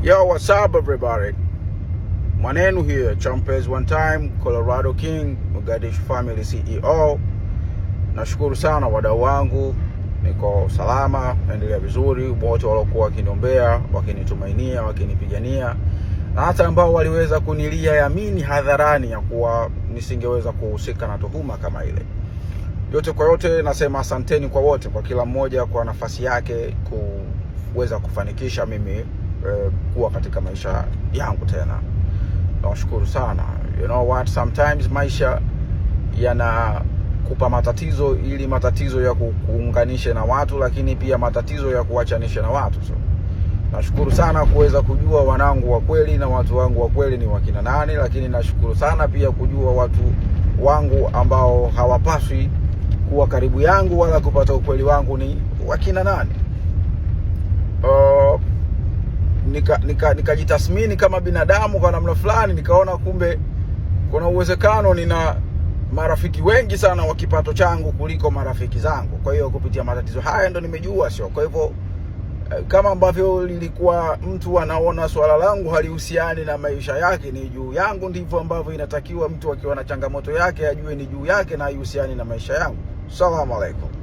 Yo, what's up everybody? My name here, Champers One Time, Colorado King, Mugadish Family CEO. Nashukuru sana wadau wangu, niko salama, naendelea vizuri, wote waliokuwa wakiniombea, wakinitumainia, wakinipigania na hata ambao waliweza kunilia yamini hadharani ya kuwa nisingeweza kuhusika na tuhuma kama ile. Yote kwa yote, nasema asanteni kwa wote, kwa kila mmoja kwa nafasi yake kuweza kufanikisha mimi Eh, kuwa katika maisha yangu tena. Nawashukuru sana. You know what, sometimes maisha yanakupa matatizo ili matatizo ya kuunganisha na watu, lakini pia matatizo ya kuwachanisha na watu so. Nashukuru sana kuweza kujua wanangu wa kweli na watu wangu wa kweli ni wakina nani, lakini nashukuru sana pia kujua watu wangu ambao hawapaswi kuwa karibu yangu wala kupata ukweli wangu ni wakina nani. Uh, nikajitathmini nika, nika kama binadamu kwa namna fulani, nikaona kumbe kuna uwezekano nina marafiki wengi sana wa kipato changu kuliko marafiki zangu. Kwa hiyo kupitia matatizo haya ndo nimejua, sio kwa hivyo eh, kama ambavyo lilikuwa mtu anaona swala langu halihusiani na maisha yake, ni juu yangu. Ndivyo ambavyo inatakiwa mtu akiwa na changamoto yake ajue ni juu yake na haihusiani na maisha yangu. Salamu alaikum.